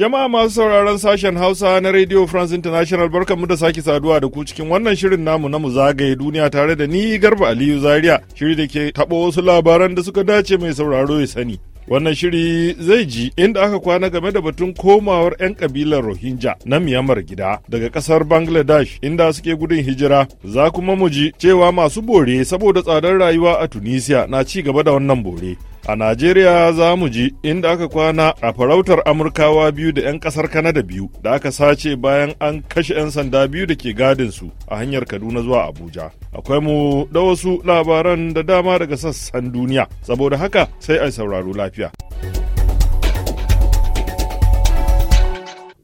Jama'a masu sauraron sashen Hausa na Radio France International barkanmu da sake saduwa da ku cikin wannan shirin namu na mu zagaye duniya tare da ni Garba Aliyu Zaria shiri da ke taɓa wasu labaran da suka dace mai sauraro ya sani. Wannan shiri zai ji inda aka kwana game da batun komawar 'yan kabilar Rohingya na Myanmar gida daga kasar Bangladesh inda suke gudun hijira. Za kuma mu ji cewa masu bore saboda tsadar rayuwa a Tunisia na ci gaba da wannan bore. A Najeriya za mu ji inda aka kwana a farautar Amurkawa biyu da 'yan kasar Kanada biyu da aka sace bayan an kashe 'yan sanda biyu da ke gadin su a hanyar Kaduna zuwa Abuja. Akwai mu da wasu labaran da dama daga sassan duniya, saboda haka sai a sauraro lafiya.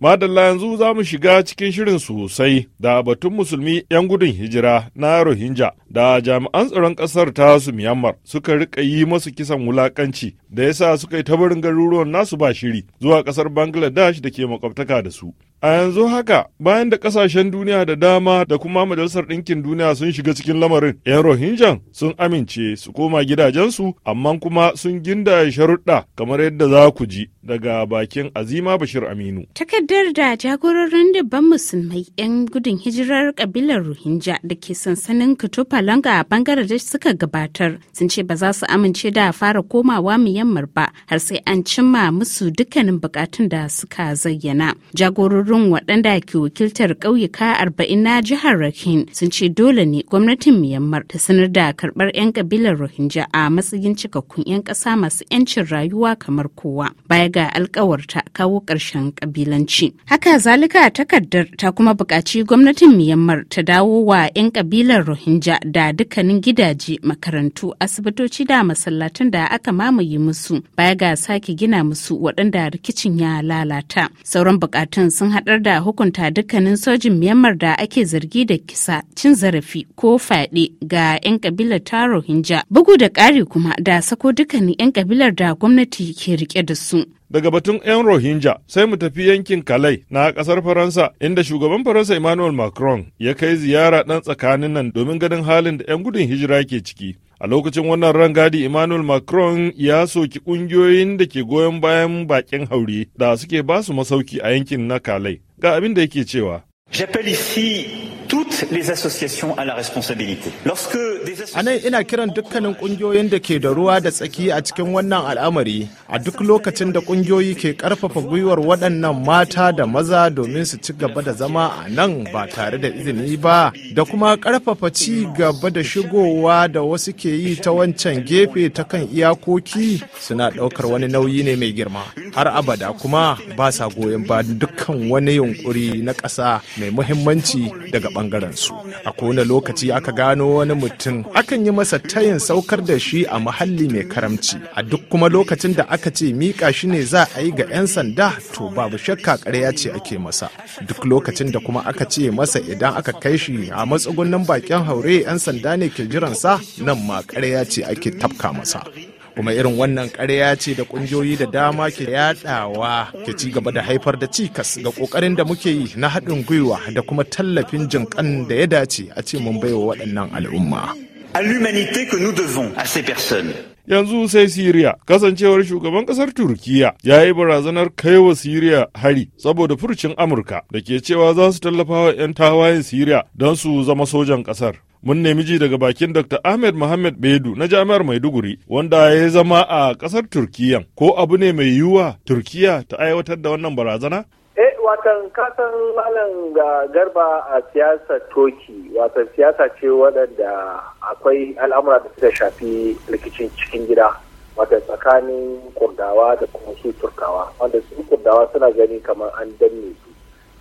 Madalla yanzu za mu shiga cikin shirin sosai da batun musulmi 'yan gudun hijira na Rohingya da jami'an tsaron ƙasar ta su Myanmar suka rika yi masu kisan wulakanci da ya sa suka yi ta barin garuruwan nasu ba shiri zuwa ƙasar Bangladesh da ke makwabtaka da su. A yanzu haka bayan da ƙasashen duniya da dama da kuma Majalisar Ɗinkin Duniya sun shiga cikin lamarin, 'yan Rohinjan sun amince su koma gidajensu amma kuma sun ginda sharuɗa kamar yadda za ku ji daga bakin Azima Bashir Aminu. Takardar hirar da jagororin dubban musulmai 'yan gudun hijirar kabilar Rohingya da ke sansanin Kutupalanga a da suka gabatar sun ce ba za su amince da fara komawa Myanmar ba har sai an cimma musu dukkanin bukatun da suka zayyana. Jagororin waɗanda ke wakiltar ƙauyuka arba'in na jihar Rakhine sun ce dole ne gwamnatin Myanmar ta sanar da karɓar 'yan kabilar Rohingya a matsayin cikakkun 'yan ƙasa masu 'yancin rayuwa kamar kowa. Baya ga alkawarta kawo ƙarshen ƙabilanci. shi. Haka zalika takardar ta kuma bukaci gwamnatin Myanmar ta dawo wa 'yan kabilar Rohingya da dukkanin gidaje, makarantu, asibitoci da masallatan da aka mamaye musu baya ga sake gina musu waɗanda rikicin ya lalata. Sauran bukatun sun haɗar da hukunta dukkanin sojin Myanmar da ake zargi da kisa, cin zarafi ko fyaɗe ga 'yan kabilar ta Rohingya. Bugu da ƙari kuma da sako dukkanin 'yan kabilar da gwamnati ke rike da su. Daga batun 'yan Rohingya sai mu tafi yankin Kalai na ƙasar Faransa inda shugaban Faransa Emmanuel Macron ya kai ziyara ɗan tsakanin nan domin ganin halin da 'yan gudun hijira ke ciki. A lokacin wannan rangadi Emmanuel Macron ya soki ƙungiyoyin da ke goyon bayan bakin haure da suke basu masauki a yankin na Kalai. Ga abin da yake cewa. toutes les associations à la ina kiran dukkanin ƙungiyoyin da ke da ruwa da tsaki a cikin wannan al'amari a duk lokacin da ƙungiyoyi ke karfafa gwiwar waɗannan mata da maza domin su ci gaba da zama a nan ba tare da izini ba da kuma karfafa ci gaba da shigowa da wasu ke yi ta wancan gefe ta kan iyakoki suna ɗaukar wani nauyi ne mai girma har abada kuma ba sa goyon ba dukkan wani yunkuri na ƙasa mai muhimmanci daga bangaren su a kowane lokaci aka gano wani mutum akan yi masa tayin saukar da shi a muhalli mai karamci a duk kuma lokacin da aka ce mika shi ne za a yi ga 'yan sanda to babu shakka ƙarya ce ake masa duk lokacin da kuma aka ce masa idan aka kai shi a matsugunan bakin haure 'yan sanda ne ke jiransa nan ma ƙarya ce ake tafka masa kuma irin wannan ƙarya ce da ƙungiyoyi da dama ke yadawa ke ci gaba da haifar da cikas ga ƙoƙarin da muke yi na haɗin gwiwa da kuma tallafin jinƙan da ya dace a ce mun baiwa waɗannan al'umma. yanzu sai Siriya kasancewar shugaban kasar Turkiya ya yi barazanar kaiwa Siriya hari saboda furcin Amurka da ke cewa za su tallafa wa 'yan tawayen Siriya don su zama sojan kasar. mun nemi ji daga bakin Dr. Ahmed Mohamed Bedu na Jami'ar Maiduguri wanda ya zama a ƙasar turkiyyan ko abu ne mai yiwuwa turkiyya ta aiwatar da wannan barazana? Eh watan kasan malam ga garba a siyasar toki watan siyasa ce waɗanda akwai al'amura da suka shafi rikicin cikin gida watan tsakanin kurdawa da kuma su turkawa wanda su kurdawa suna gani kamar an danne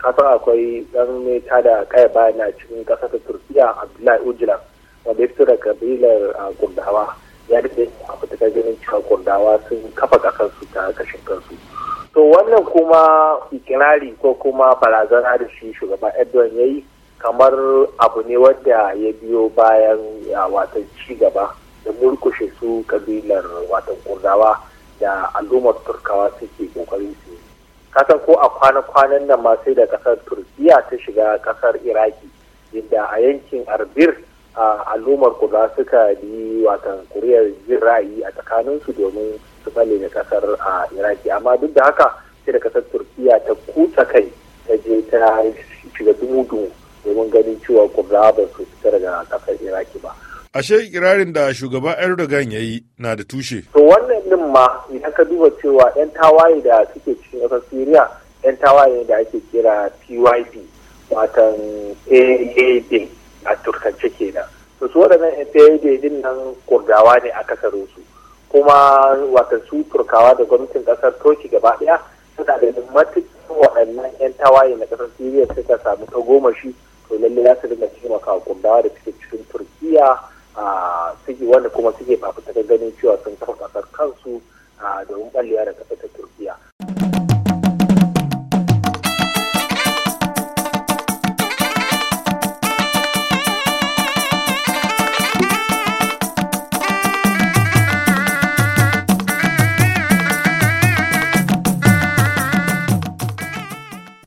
kasan akwai dan ta da kai bayan a cikin kasar ta turkiya abdullahi ujilan wanda ya fito da kabilar kurdawa ya daɗe a fitakar ganin cewa kurdawa sun kafa kasarsu ta kashin kansu to wannan kuma ikirari ko kuma barazana da shi shugaba edwin ya kamar abu ne wanda ya biyo bayan wata ci gaba da murkushe su kabilar wata kurdawa da al'ummar turkawa suke kokarin su kasan ko a kwana-kwanan nan ma sai da kasar turkiya ta shiga kasar iraki inda a yankin arbir a al'ummar kuga suka yi watan kuriyar jin ra'ayi a tsakaninsu domin su tsalle da kasar a iraki amma duk da haka sai da kasar turkiya ta kuta kai ta je ta shiga dumudu domin ganin cewa kuga ba su fita daga kasar iraki ba ashe kirarin da shugaba Erdogan ya yi na da tushe. To wannan din ma idan ka duba cewa 'yan tawaye da suke cikin ƙasar Siriya 'yan tawaye da ake kira PYD watan AAD a turkance kenan. To su waɗannan AAD din nan kurdawa ne a kasar su. Kuma watan su turkawa da gwamnatin ƙasar Turki gaba ɗaya suna da matuƙin waɗannan 'yan tawaye na ƙasar Siriya suka samu ta goma to lallai za su dinga taimaka kurdawa da suke cikin Turkiya suke wanda kuma suke fafutukar ganin cewa sun kafa kasar kansu domin ballewa da kasar ta turki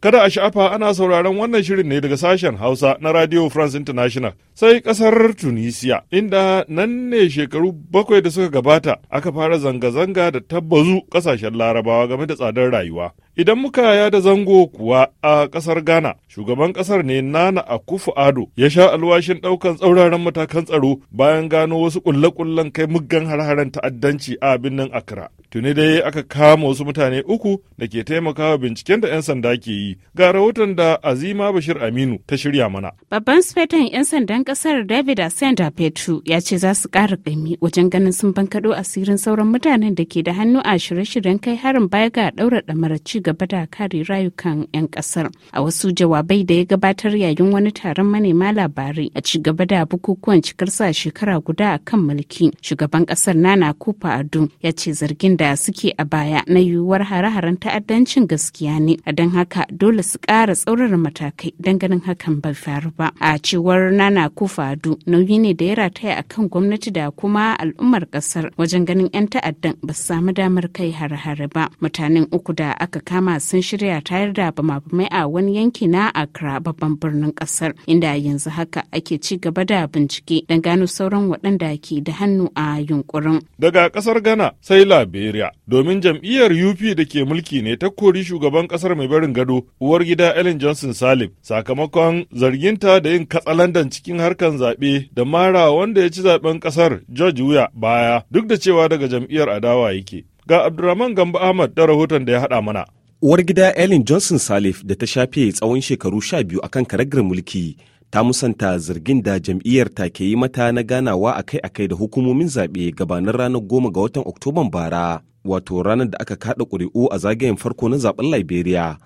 Kada a sha'afa ana sauraron wannan shirin ne daga sashen Hausa na Radio France International. Sai kasar Tunisia, inda nan ne shekaru bakwai da suka gabata aka fara zanga-zanga da tabbazu kasashen larabawa game da tsadar rayuwa. Idan muka da zango kuwa a ƙasar Ghana, shugaban ƙasar ne Nana akufu Ado ya sha alwashin ɗaukan tsauraran matakan tsaro bayan gano wasu ƙulle-ƙullen kai muggan har-haren ta'addanci a birnin Accra. Tuni dai aka kama wasu mutane uku da ke taimakawa binciken da 'yan sanda ke yi. Ga rahoton da Azima Bashir Aminu ta shirya mana. Babban sufetan 'yan sandan ƙasar David Asenda Petru ya ce za su ƙara ƙaimi wajen ganin sun bankaɗo asirin sauran mutanen da ke da hannu a shirye-shiryen kai harin baya ga ɗaura ɗamarar ci gaba da kare rayukan 'yan kasar a wasu jawabai da ya gabatar yayin wani taron manema labarai a ci gaba da bukukuwan cikar sa shekara guda a kan mulki shugaban kasar nana kufa adu ya ce zargin da suke a baya na yiwuwar hare-haren ta'addancin gaskiya ne a don haka dole su ƙara tsaurar matakai don ganin hakan bai faru ba a cewar nana kufa adu nauyi ne da ya rataya a kan gwamnati da kuma al'ummar kasar wajen ganin 'yan ta'addan ba su samu damar kai hare-hare ba mutanen uku da aka kama Hamas sun shirya tayar da bama a wani yanki na Accra babban birnin kasar inda yanzu haka ake ci gaba da bincike don gano sauran waɗanda ke da hannu a yunkurin. Daga kasar Ghana sai Liberia domin jam'iyyar UP da ke mulki ne ta kori shugaban kasar mai barin gado uwar gida Ellen Johnson Salim sakamakon zarginta da yin katsalandan cikin harkan zaɓe da mara wanda ya ci zaɓen kasar George Weah baya duk da cewa daga jam'iyyar adawa yake. Ga Abdurrahman Gambo Ahmad da rahoton da ya haɗa mana. Uwar gida Ellen Johnson Salif da ta shafe tsawon shekaru sha biyu kan karagar mulki ta musanta zargin da jam'iyyar ta ke yi mata na ganawa akai-akai da hukumomin zaɓe gabanin ranar goma ga watan Oktoban bara, wato ranar da aka kaɗa ƙuri'u a zagayen farko na zaɓen Liberia.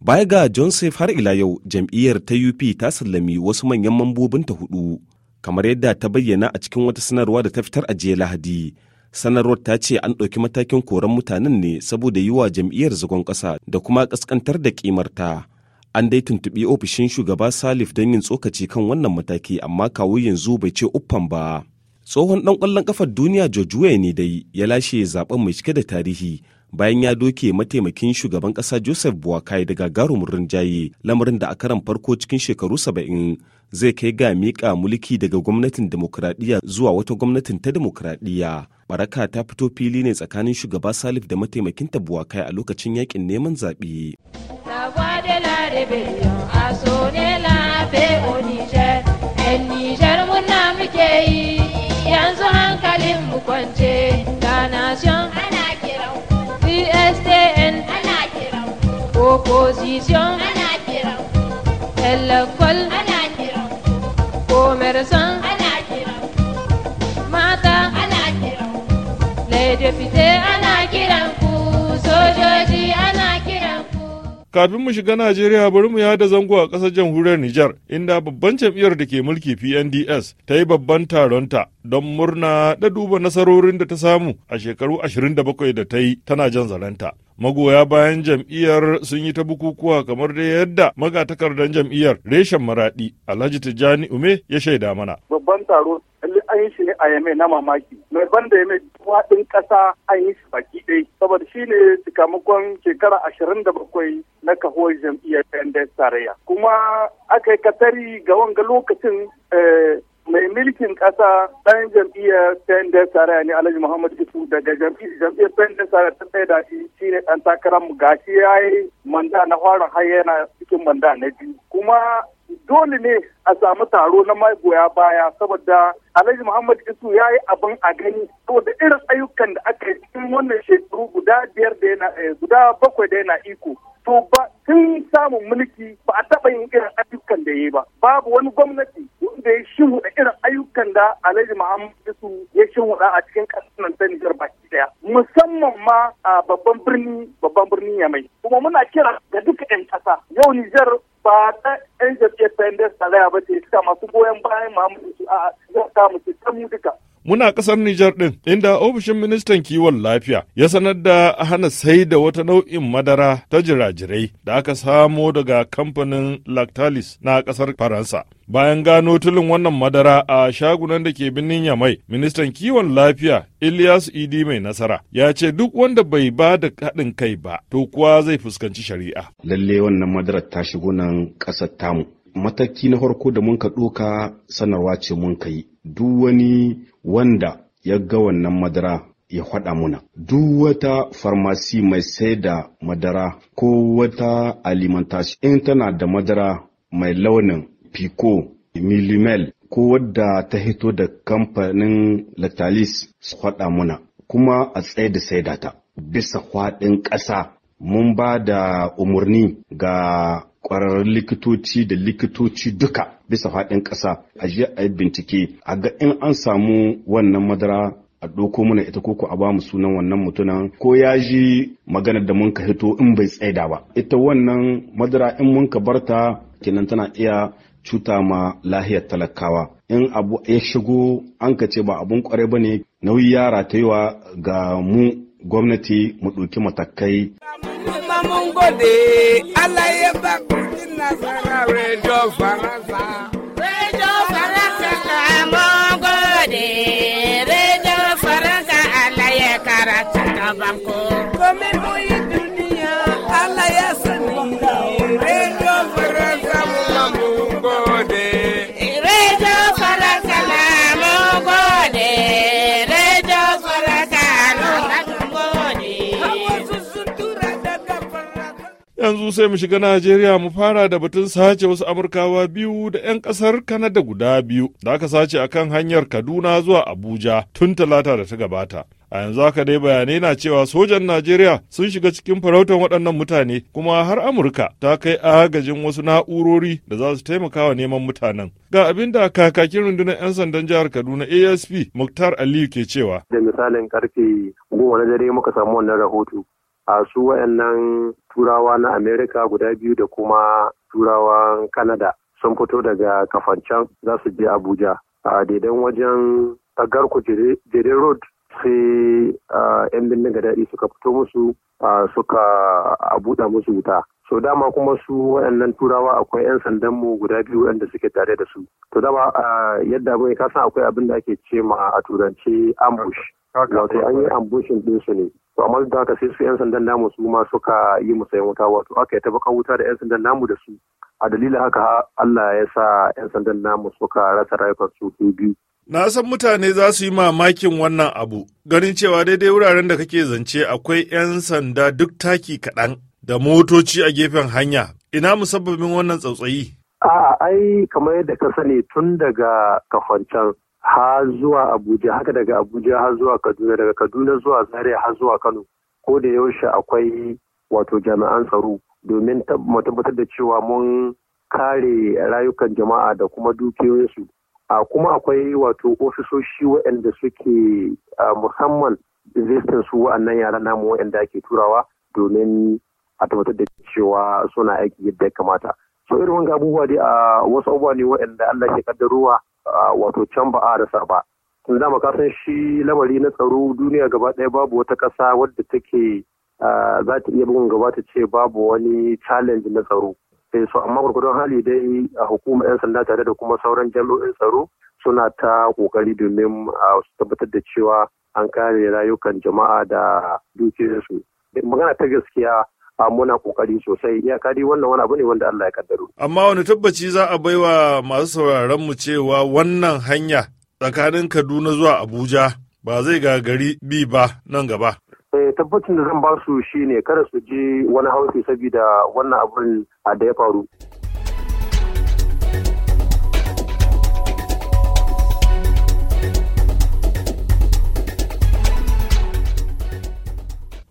Baya ga Joseph har ila yau jam'iyyar ta UP ta sallami wasu manyan mambobinta hudu, kamar yadda ta bayyana a cikin wata sanarwa da ta fitar a jiya Lahadi. sanarwar ta ce an ɗauki matakin koran mutanen ne saboda yi wa jam'iyyar zagon ƙasa da kuma ƙasƙantar da ƙimarta an dai tuntuɓi ofishin shugaba salif don yin tsokaci kan wannan mataki amma kawo yanzu bai ce uffan ba tsohon ɗan ƙwallon ƙafar duniya george ne dai ya lashe zaben mai cike da tarihi bayan ya doke mataimakin shugaban ƙasa Joseph Buakai da gagarumin rinjaye lamarin da a karan farko cikin shekaru saba'in zai kai ga miƙa mulki daga gwamnatin demokuraɗiyya zuwa wata gwamnatin ta demokuraɗiyya. Baraka ta fito fili ne tsakanin shugaba Salif da mataimakinta Buakai a lokacin yakin neman zaɓe. yanzu hankalin mu kwance ga opposition ana kiran telekol ana kiran commerçant ana kiran mata ana kiran les députés ana kiran ku sojoji ana kafin mu shiga Najeriya bari mu yada zango a ƙasar jamhuriyar Nijar inda babban jam'iyyar da ke mulki PNDS ta yi babban taronta don murna da duba nasarorin da ta samu a shekaru 27 da ta yi tana jan zalanta. Magoya bayan jam'iyyar sun yi ta bukukuwa kamar da yadda magatakardan jam'iyyar reshen maraɗi Alhaji Tijjani Ume ya shaida mana. Babban taro an yi shi ne a yame na mamaki mai ban da yame waɗin ƙasa an yi shi baki ɗaya saboda shi ne sakamakon shekara ashirin da bakwai na kahuwar jam'iyyar pendes tarayya kuma aka yi katari ga wanga lokacin eh, mai milkin kasa ɗan jam'iyyar Pendes Saraya ne Alhaji Muhammad Isu daga jam'iyyar Pende Sara ta tsaye da shi ne ɗan takarar mu gashi ya yi manda na fara har yana cikin manda na biyu. Kuma dole ne a samu taro na magoya baya saboda Alhaji Muhammad Isu ya yi abin a gani saboda irin ayyukan da aka yi cikin wannan shekaru guda biyar da yana eh, guda bakwai da yana iko. to ba tun samun mulki ba a taɓa yin irin ayyukan da ya ba babu wani gwamnati wanda ya shimfiɗa irin ayyukan da alhaji muhammadu su ya shimfiɗa a cikin ƙasar nan ta nijar baki daya musamman ma a babban birni babban birni ya mai kuma muna kira ga duka 'yan ƙasa yau nijar ba ta 'yan jam'iyyar ta salaya ba ce suka masu goyon bayan muhammadu su a za ta mu ta mu duka Muna ƙasar Nijar ɗin, inda ofishin ministan kiwon lafiya ya sanar da hana sai da wata nau'in madara ta jirajirai da aka samo daga kamfanin Lactalis na ƙasar Faransa. Bayan gano tulin wannan madara a shagunan da ke birnin Yamai, ministan kiwon lafiya Ilyas Idi mai nasara ya ce duk wanda bai ba da haɗin kai ba, to kuwa zai fuskanci shari'a. Lalle wannan madara ta shigo nan ƙasar tamu. mataki na farko da mun ka ɗoka sanarwa ce mun ka yi duk wani wanda ya ga wannan madara ya faɗa muna duk wata farmasi mai sai da madara ko wata alimantashi in tana da madara mai launin pico milimel ko wadda ta hito da kamfanin latalis su faɗa muna kuma a tsaye da sai ta bisa kwaɗin ƙasa mun ba da umarni ga kwararrun likitoci da likitoci duka bisa faɗin ƙasa a jiya a yi bincike a ga in an samu wannan madara a ɗauko mana ita ko a bamu sunan wannan mutunan ko ya ji maganar da mun ka hito in bai tsaida ba ita wannan madara in mun ka barta kenan tana iya cuta ma lahiyar talakawa in abu ya shigo an ka ce ba abun kwarai ba ne nauyi ya wa ga mu gwamnati mu ɗauki matakai amúngbòde aláyé bá kú sí nasara rẹ̀ jọ faransa. Yanzu sai mu shiga Najeriya mu fara da batun sace wasu Amurkawa biyu da 'yan kasar Kanada guda biyu da aka sace kan hanyar Kaduna zuwa Abuja tun talata da ta gabata. a yanzu haka dai bayanai na cewa sojan najeriya sun shiga cikin farautan waɗannan mutane kuma har amurka ta kai agajin wasu na'urori da za su taimaka wa neman mutanen ga abin da kakakin rundunar 'yan sandan jihar kaduna asp muktar aliyu ke cewa da misalin karfe goma na dare muka samu wannan rahoto a su wayannan turawa na amerika guda biyu da kuma turawan Kanada sun fito daga kafancan za su je abuja a daidan wajen tsagar jere road sai yan bindiga daɗi suka fito musu suka buɗe musu wuta so dama kuma su waɗannan turawa akwai 'yan sandan mu guda biyu waɗanda suke tare da su to dama yadda abin ka san akwai abin da ake ce ma a turanci ambush wato an yi ambushin din su ne to amma da haka sai su 'yan sandan namu su ma suka yi musayin wuta wato aka yi tabbakan wuta da 'yan sandan namu da su a dalilin haka Allah ya sa 'yan sandan namu suka rasa rayukan su biyu Na san mutane za su yi mamakin wannan abu, ganin cewa daidai wuraren da kake zance akwai 'yan sanda duk taki kaɗan, da motoci a gefen hanya ina musabbabin wannan tsautsayi a ai kamar yadda ka sani tun daga kafancan ha zuwa abuja haka daga abuja har zuwa kaduna daga kaduna zuwa zaria har zuwa kano ko da yaushe akwai wato jami'an tsaro domin mu tabbatar da cewa mun kare rayukan jama'a da kuma dukiyoyinsu a kuma akwai wato ofisoshi waɗanda suke musamman zistin su wa'annan yaran namu waɗanda ake turawa domin a tabbatar da cewa suna aiki yadda ya kamata so irin wanga abubuwa dai a wasu abubuwa ne waɗanda Allah ke kaddarowa wato can ba a rasa ba tun da ka san shi lamari na tsaro duniya gaba ɗaya babu wata ƙasa wadda take za ta iya bugun gaba ta ce babu wani challenge na tsaro sai eh, so amma gurgurdon hali dai a hukumar 'yan sanda tare da kuma sauran jami'o'in tsaro suna ta kokari domin su tabbatar da cewa an kare rayukan jama'a da dukiyoyinsu eh, magana ta gaskiya a muna kokari sosai Ya dai wannan wani abu ne wanda Allah ya kaddaro amma wani tabbaci za a baiwa masu sauraron mu cewa wannan hanya tsakanin Kaduna zuwa Abuja ba zai gagari bi ba nan gaba Eh, tabbacin da zan ba su shine kada su je wani hausi saboda wannan abin da ya faru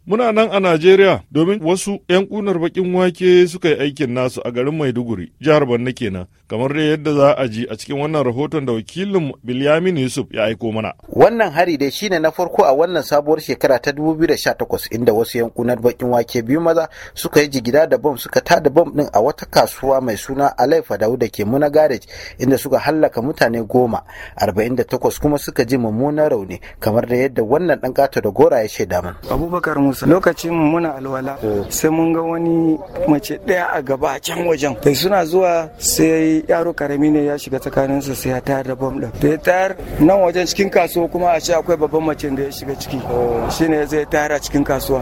Muna nan a Najeriya domin wasu 'yan kunar bakin wake suka yi aikin nasu a garin Maiduguri, jihar Borno kenan, kamar dai yadda za a ji a cikin wannan rahoton da wakilin Bilyamin Yusuf ya aiko mana. Wannan hari dai shine na farko a wannan sabuwar shekara ta 2018 inda wasu 'yan kunar bakin wake biyu maza suka yi jigida da bom suka tada bom din a wata kasuwa mai suna alaifa Fadau da ke Muna Garage inda suka hallaka mutane goma, 48 kuma suka ji mummunan rauni kamar da yadda wannan dan gato da gora ya shaida min. Abubakar lokacin muna alwala eh. sai mun ga wani mace ɗaya a gaba a can wajen da suna zuwa sai yaro karami ne ya shiga tsakanin su sai ya tayar da bom ɗin da ya tayar nan wajen cikin kasuwa kuma a ce akwai babban mace da ya shiga ciki eh. shine zai tayar a cikin kasuwa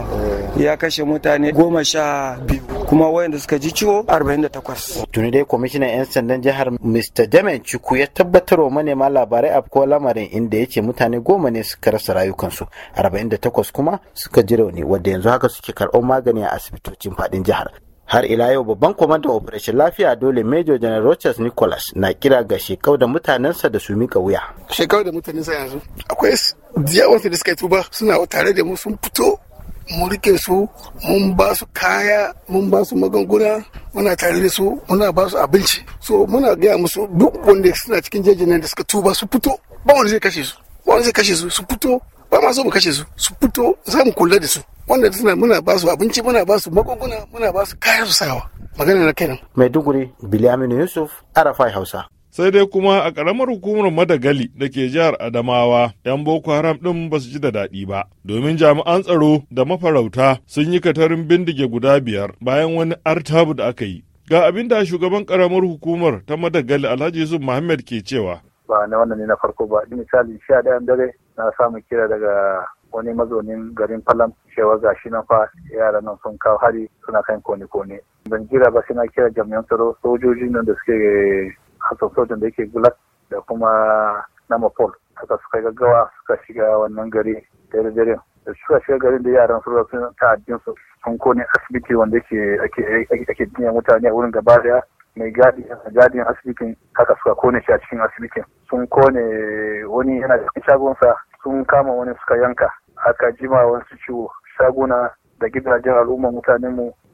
eh. ya kashe mutane goma sha biyu kuma wayanda suka ji ciwo 48 tuni dai kwamishinan 'yan sandan jihar mr demen chuku ya tabbatar wa manema labarai a ko lamarin inda ya ce mutane goma ne suka rasa rayukansu 48 kuma suka ji rauni wadda yanzu haka suke karɓar magani a asibitocin faɗin jihar har ila yau babban kwamandan operation lafiya dole major general Rochas nicholas na kira ga shekau da mutanensa da su mika wuya shekau da mutanensa yanzu akwai yawansu da suka yi tuba suna tare da mu sun fito mu rike su mun ba su kaya mun ba su magunguna muna tare da su muna ba su abinci so muna gaya musu duk wanda suna cikin jejin da suka tuba su fito ba wanda zai kashe su ba wanda zai kashe su su fito ba ma so mu kashe su su fito za mu kula da su wanda suna muna ba su abinci muna ba su magunguna muna ba su kayan sawa magana na kenan mai duguri biliyamin yusuf arafai hausa sai dai kuma a karamar hukumar madagali da ke jihar adamawa 'yan boko haram ɗin ba su ji da daɗi ba domin jami'an tsaro da mafarauta sun yi katarin bindige guda biyar bayan wani artabu da aka yi ga abin da shugaban karamar hukumar ta madagali alhaji yusuf muhammad ke cewa ba na wannan ne na farko ba misali sha ɗayan dare na samun kira daga wani mazaunin garin falam cewa ga shi nan fa yaran nan sun kawo hari suna kan kone-kone ban jira ba sai na kira jami'an tsaro sojoji nan da suke hasan sojan da yake gulat da kuma na pol haka suka gaggawa suka shiga wannan gari dare dare da suka shiga garin da yaran su sun ta'addin su sun kone asibiti wanda ke ake ake mutane a wurin gaba daya mai gadi gadin asibitin haka suka kone shi a cikin asibitin sun kone wani yana da shagonsa sun kama wani suka yanka aka jima wasu ciwo shaguna da gidajen al'umma mu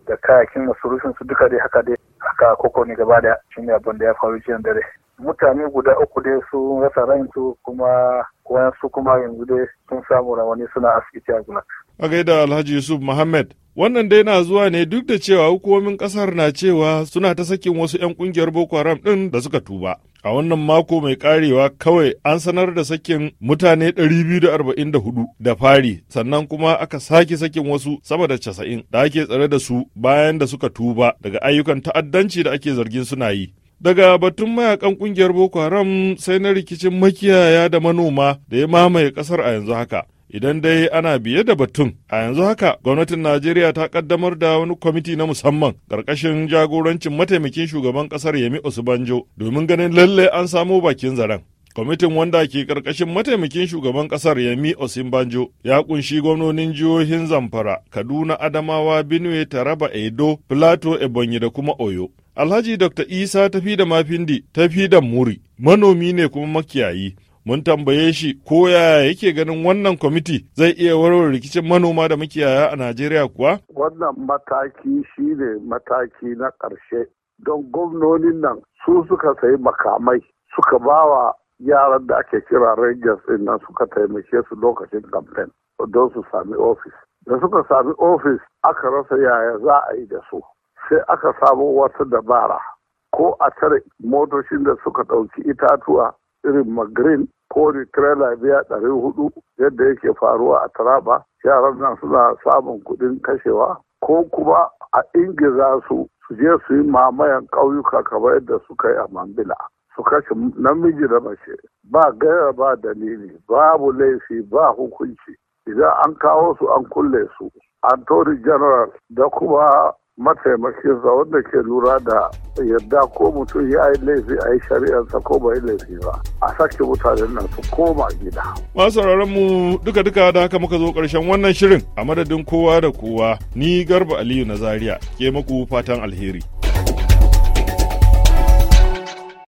da kayakin masurufin su duka dai haka dai haka koko ne gaba da shi ne abin da ya faru jiyan dare mutane guda uku dai su rasa ransu kuma wayansu kuma yanzu dai sun samu rawani suna asibiti a gulag. a gaida alhaji yusuf muhammad wannan dai na zuwa ne duk da cewa hukumomin kasar na cewa suna ta sakin wasu 'yan kungiyar boko haram din da suka tuba A wannan mako mai karewa kawai an sanar da sakin mutane 244 da fari sannan kuma aka sake sakin wasu sama da 90 da ake tsare da su bayan da suka tuba daga ayyukan ta'addanci da ake zargin suna yi. daga batun mayakan kungiyar boko haram sai na rikicin makiyaya da manoma da ya mamaye kasar a yanzu haka idan dai ana biye da batun a yanzu haka gwamnatin najeriya ta kaddamar da wani kwamiti na musamman ƙarƙashin jagorancin mataimakin shugaban ƙasar yemi osubanjo domin ganin lalle an samo bakin zaren kwamitin wanda ke ƙarƙashin mataimakin shugaban ƙasar yemi osinbanjo ya ƙunshi gwamnonin jihohin zamfara kaduna adamawa benue taraba edo plato ebonyi da kuma oyo alhaji dr isa tafi da mafindi tafi da muri manomi ne kuma makiyayi mun tambaye shi ko yaya yake ganin wannan kwamiti zai iya warware rikicin manoma da makiyaya a najeriya kuwa wannan mataki shi ne mataki na ƙarshe don gwamnonin nan su suka sayi makamai suka bawa yaran da ake kira rangers din nan suka taimake su lokacin kamfen don su sami ofis da suka sami ofis aka rasa yaya za a yi da su sai aka samu wata dabara ko a tare motocin da suka ɗauki itatuwa irin magrin ko trailer biya ɗari hudu yadda yake faruwa a taraba yaran nan suna samun kuɗin kashewa ko kuma a ingiza su su je su yi mamayan ƙauyuka kamar yadda suka yi a mambila su kashe namiji da mace ba gaira ba dalili babu laifi ba hukunci idan an kawo su an kulle su antori general da kuma mataimakinsa wanda ke lura da yadda ko mutum ya yi laifi a yi shari'arsa ko bai laifi ba a sake mutane nan su koma gida. Masu mu duka duka da haka muka zo karshen wannan shirin a madadin kowa da kowa ni garba aliyu na zaria ke maku fatan alheri.